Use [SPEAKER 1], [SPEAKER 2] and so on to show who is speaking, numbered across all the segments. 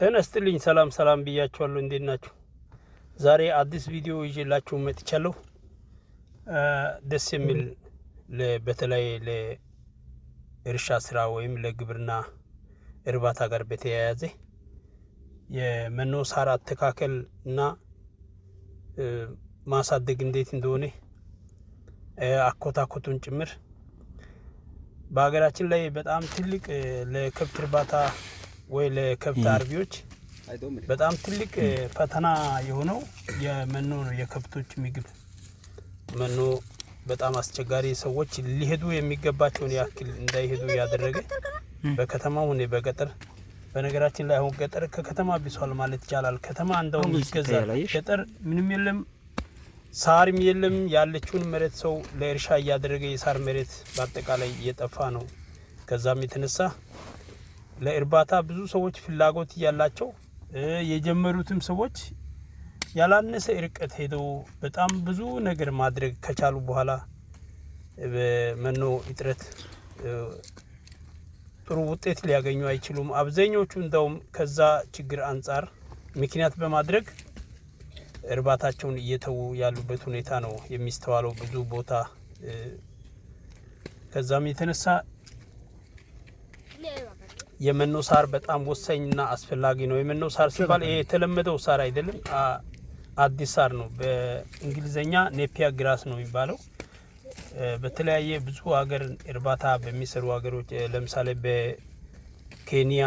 [SPEAKER 1] ተነስትልኝ ሰላም ሰላም ብያችኋለሁ። እንዴት ናችሁ? ዛሬ አዲስ ቪዲዮ ይዤላችሁ መጥቻለሁ። ደስ የሚል በተለይ ለእርሻ ስራ ወይም ለግብርና እርባታ ጋር በተያያዘ የመኖ ሳር አተካከል እና ማሳደግ እንዴት እንደሆነ አኮታኮቱን ጭምር በሀገራችን ላይ በጣም ትልቅ ለከብት እርባታ ወይ ለከብት አርቢዎች በጣም ትልቅ ፈተና የሆነው የመኖ ነው። የከብቶች ምግብ መኖ በጣም አስቸጋሪ፣ ሰዎች ሊሄዱ የሚገባቸውን ያክል እንዳይሄዱ ያደረገ በከተማ ሁኔ በገጠር በነገራችን ላይ አሁን ገጠር ከከተማ ቢሷል ማለት ይቻላል። ከተማ እንደውም ይገዛል። ገጠር ምንም የለም፣ ሳርም የለም። ያለችውን መሬት ሰው ለእርሻ እያደረገ የሳር መሬት በአጠቃላይ እየጠፋ ነው። ከዛም የተነሳ ለእርባታ ብዙ ሰዎች ፍላጎት እያላቸው የጀመሩትም ሰዎች ያላነሰ እርቀት ሄደው በጣም ብዙ ነገር ማድረግ ከቻሉ በኋላ በመኖ እጥረት ጥሩ ውጤት ሊያገኙ አይችሉም። አብዛኞቹ እንደውም ከዛ ችግር አንጻር ምክንያት በማድረግ እርባታቸውን እየተዉ ያሉበት ሁኔታ ነው የሚስተዋለው ብዙ ቦታ። ከዛም የተነሳ የመኖ ሳር በጣም ወሳኝና አስፈላጊ ነው። የመኖ ሳር ሲባል ይሄ የተለመደው ሳር አይደለም፣ አዲስ ሳር ነው። በእንግሊዝኛ ኔፒያ ግራስ ነው የሚባለው። በተለያየ ብዙ ሀገር እርባታ በሚሰሩ ሀገሮች ለምሳሌ በኬንያ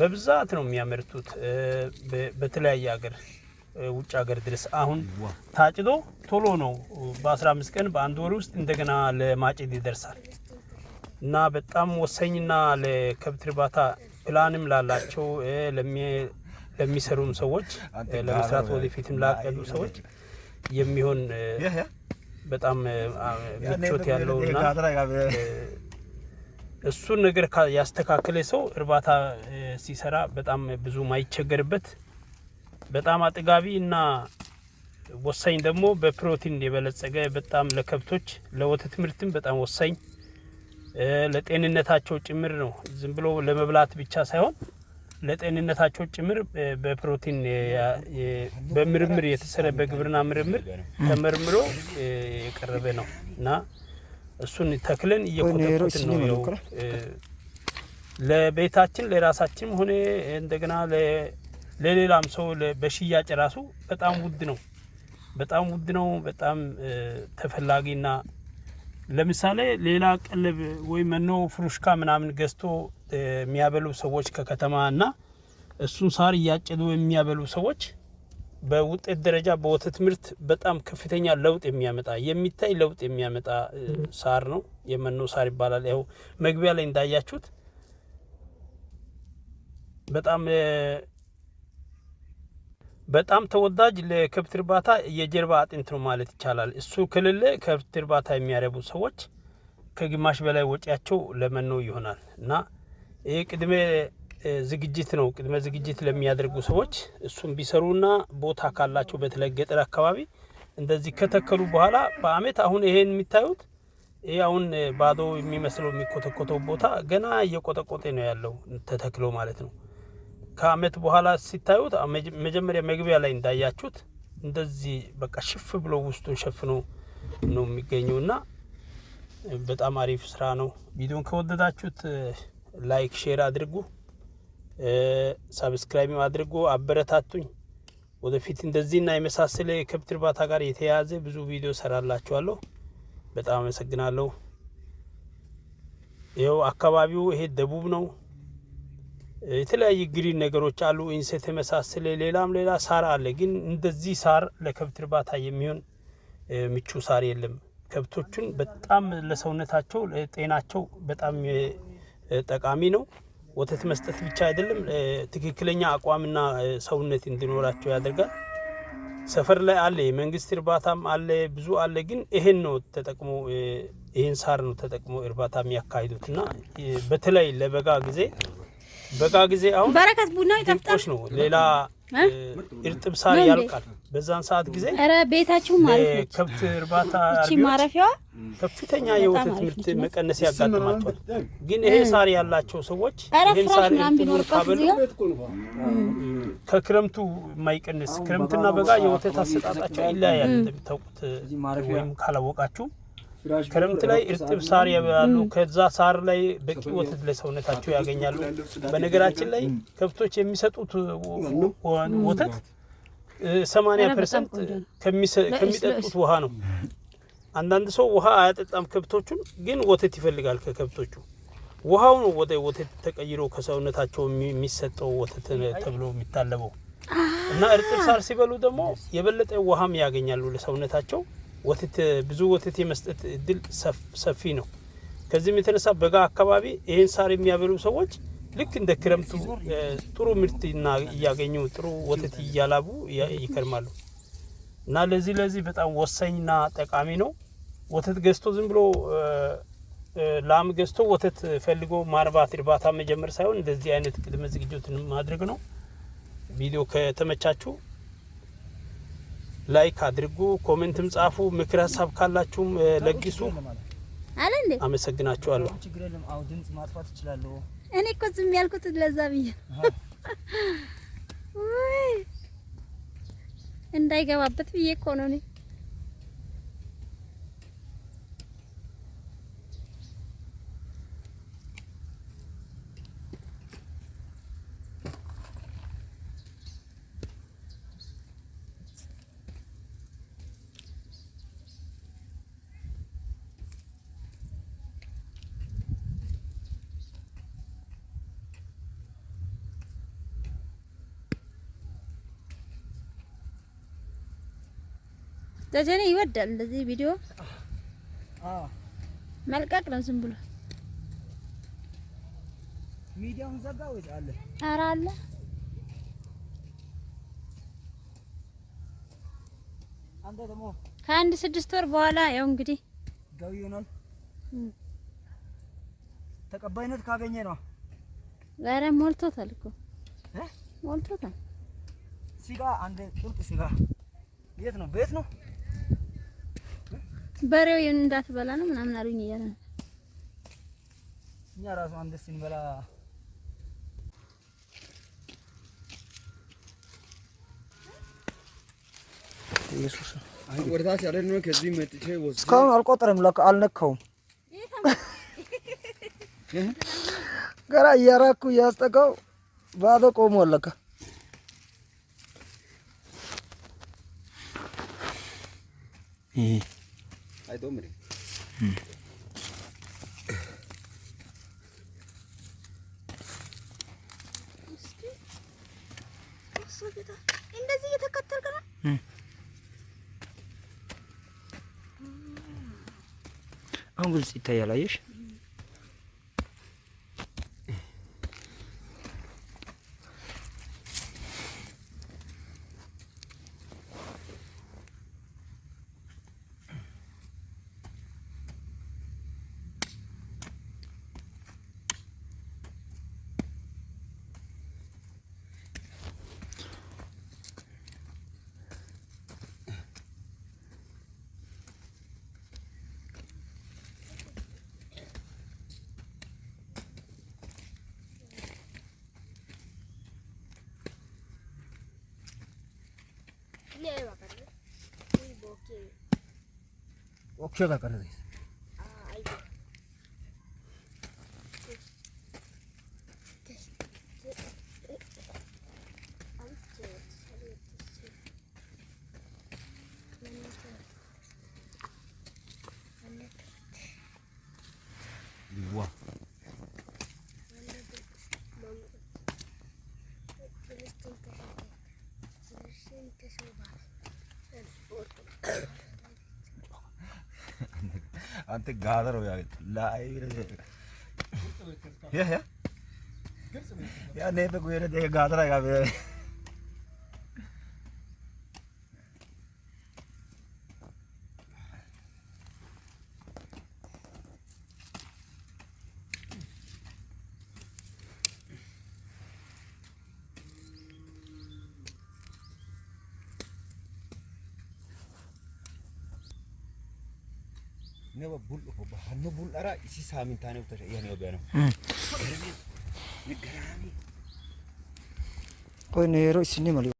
[SPEAKER 1] በብዛት ነው የሚያመርቱት። በተለያየ ሀገር ውጭ ሀገር ድረስ አሁን ታጭዶ ቶሎ ነው በ15 ቀን በአንድ ወር ውስጥ እንደገና ለማጨድ ይደርሳል። እና በጣም ወሳኝና ለከብት እርባታ ፕላንም ላላቸው ለሚሰሩም ሰዎች ለመስራት ወደፊትም ላቀዱ ሰዎች የሚሆን በጣም ምቾት ያለውና እሱን ነገር ያስተካከለ ሰው እርባታ ሲሰራ በጣም ብዙ ማይቸገርበት በጣም አጥጋቢ እና ወሳኝ ደግሞ በፕሮቲን የበለጸገ በጣም ለከብቶች ለወተት ምርትም በጣም ወሳኝ ለጤንነታቸው ጭምር ነው። ዝም ብሎ ለመብላት ብቻ ሳይሆን ለጤንነታቸው ጭምር በፕሮቲን በምርምር የተሰረ በግብርና ምርምር ተመርምሮ የቀረበ ነው እና እሱን ተክለን እየኮተኮትን ነው ለቤታችን ለራሳችንም ሆነ እንደገና ለሌላም ሰው በሽያጭ ራሱ በጣም ውድ ነው። በጣም ውድ ነው። በጣም ተፈላጊና ለምሳሌ ሌላ ቅልብ ወይ መኖ ፍሩሽካ ምናምን ገዝቶ የሚያበሉ ሰዎች ከከተማ እና እሱን ሳር እያጨዱ የሚያበሉ ሰዎች በውጤት ደረጃ በወተት ምርት በጣም ከፍተኛ ለውጥ የሚያመጣ የሚታይ ለውጥ የሚያመጣ ሳር ነው። የመኖ ሳር ይባላል። ያው መግቢያ ላይ እንዳያችሁት በጣም በጣም ተወዳጅ ለከብት እርባታ የጀርባ አጥንት ነው ማለት ይቻላል። እሱ ክልል ከብት እርባታ የሚያረቡ ሰዎች ከግማሽ በላይ ወጪያቸው ለመኖ ይሆናል እና ይህ ቅድመ ዝግጅት ነው። ቅድመ ዝግጅት ለሚያደርጉ ሰዎች እሱም ቢሰሩና ቦታ ካላቸው በተለይ ገጠር አካባቢ እንደዚህ ከተከሉ በኋላ በአመት አሁን ይሄን የሚታዩት ይህ አሁን ባዶ የሚመስለው የሚኮተኮተው ቦታ ገና እየቆጠቆጤ ነው ያለው ተተክሎ ማለት ነው። ከአመት በኋላ ሲታዩት መጀመሪያ መግቢያ ላይ እንዳያችሁት እንደዚህ በቃ ሽፍ ብሎ ውስጡን ሸፍኖ ነው የሚገኘው እና በጣም አሪፍ ስራ ነው። ቪዲዮን ከወደዳችሁት ላይክ፣ ሼር አድርጉ፣ ሳብስክራይብ አድርጉ፣ አበረታቱኝ። ወደፊት እንደዚህና የመሳሰለ የከብት እርባታ ጋር የተያያዘ ብዙ ቪዲዮ ሰራላችኋለሁ። በጣም አመሰግናለሁ። ይኸው አካባቢው ይሄ ደቡብ ነው። የተለያየ ግሪን ነገሮች አሉ። ኢንሴት የመሳሰለ ሌላም ሌላ ሳር አለ። ግን እንደዚህ ሳር ለከብት እርባታ የሚሆን ምቹ ሳር የለም። ከብቶቹን በጣም ለሰውነታቸው ለጤናቸው በጣም ጠቃሚ ነው። ወተት መስጠት ብቻ አይደለም፣ ትክክለኛ አቋምና ሰውነት እንዲኖራቸው ያደርጋል። ሰፈር ላይ አለ፣ የመንግስት እርባታም አለ፣ ብዙ አለ። ግን ይሄን ነው ተጠቅሞ ይህን ሳር ነው ተጠቅሞ እርባታ የሚያካሂዱት እና በተለይ ለበጋ ጊዜ በጋ ጊዜ አሁን
[SPEAKER 2] በረከት ቡና ይጠፍጣል
[SPEAKER 1] ነው። ሌላ እርጥብ ሳር ያልቃል። በዛን ሰዓት ጊዜ
[SPEAKER 2] ኧረ ቤታችሁ ማለት ነው።
[SPEAKER 1] ከብት እርባታ እቺ ማረፊያዋ ከፍተኛ የወተት ምርት መቀነስ ያጋጥማቸዋል። ግን ይሄ ሳር ያላቸው ሰዎች
[SPEAKER 2] ይሄን ሳር እርጥብ
[SPEAKER 1] ከክረምቱ የማይቀንስ ክረምትና በጋ የወተት አሰጣጣቸው ይለያያል። እንደምታውቁት ወይም ካላወቃችሁ ክረምት ላይ እርጥብ ሳር ያበላሉ። ከዛ ሳር ላይ በቂ ወተት ለሰውነታቸው ያገኛሉ። በነገራችን ላይ ከብቶች የሚሰጡት ወተት ሰማንያ ፐርሰንት ከሚጠጡት ውሃ ነው። አንዳንድ ሰው ውሃ አያጠጣም ከብቶቹን፣ ግን ወተት ይፈልጋል ከከብቶቹ ውሃው ነው ወደ ወተት ተቀይሮ ከሰውነታቸው የሚሰጠው ወተት ተብሎ የሚታለበው እና እርጥብ ሳር ሲበሉ ደግሞ የበለጠ ውሃም ያገኛሉ ለሰውነታቸው። ወተት ብዙ ወተት የመስጠት እድል ሰፊ ነው። ከዚህም የተነሳ በጋ አካባቢ ይህን ሳር የሚያበሉ ሰዎች ልክ እንደ ክረምቱ ጥሩ ምርት እያገኙ ጥሩ ወተት እያላቡ ይከርማሉ እና ለዚህ ለዚህ በጣም ወሳኝና ጠቃሚ ነው። ወተት ገዝቶ ዝም ብሎ ላም ገዝቶ ወተት ፈልጎ ማርባት እርባታ መጀመር ሳይሆን እንደዚህ አይነት ቅድመ ዝግጅት ማድረግ ነው። ቪዲዮ ከተመቻችሁ ላይክ አድርጉ፣ ኮሜንትም ጻፉ፣ ምክር ሀሳብ ካላችሁም ለግሱ። አለ እንዴ አመሰግናችኋለሁ። ድምጽ
[SPEAKER 2] ማጥፋት እችላለሁ። እኔ እኮ ዝም ያልኩት ለዛ ብዬ እንዳይገባበት ብዬ እኮ ነው እኔ ደጀኔ ይወዳል እንደዚህ ቪዲዮ መልቀቅ ነው ዝም ብሎ
[SPEAKER 3] ሚዲያውን ዘጋ ወይ አለ
[SPEAKER 2] ኧረ አለ ከአንድ ስድስት ወር በኋላ ያው እንግዲህ
[SPEAKER 3] ገቢ ይሆናል። ተቀባይነት ካገኘ ነው።
[SPEAKER 2] ኧረ ሞልቶታል እኮ ሞልቶታል።
[SPEAKER 3] ሲጋ አንድ ቁርጥ ሲጋ የት ነው? ቤት ነው
[SPEAKER 2] በሬው እንዳትበላ ነው ምናምን አሉኝ እያለ ነው።
[SPEAKER 3] እኛ ራሱ አንድ ስንበላ እስካሁን አልቆጥርም፣ አልነካውም። ገና እያራኩ ባዶ ቆሞ አለካ ಆಯ್ತು ಒಮ್ಮರಿ ಹ್ಞೂ
[SPEAKER 2] እንደዚህ እየተከተልክ ነው
[SPEAKER 3] አሁን ግልጽ ይታያል አየሽ ઓક્ષેકા કરે છે አንተ ጋዘር ያለ ላይ ያ ያ ያ ነይ በጉ የለ ጋዘር ያ hanno bul'ara issi saamintaane yeroo isinni malee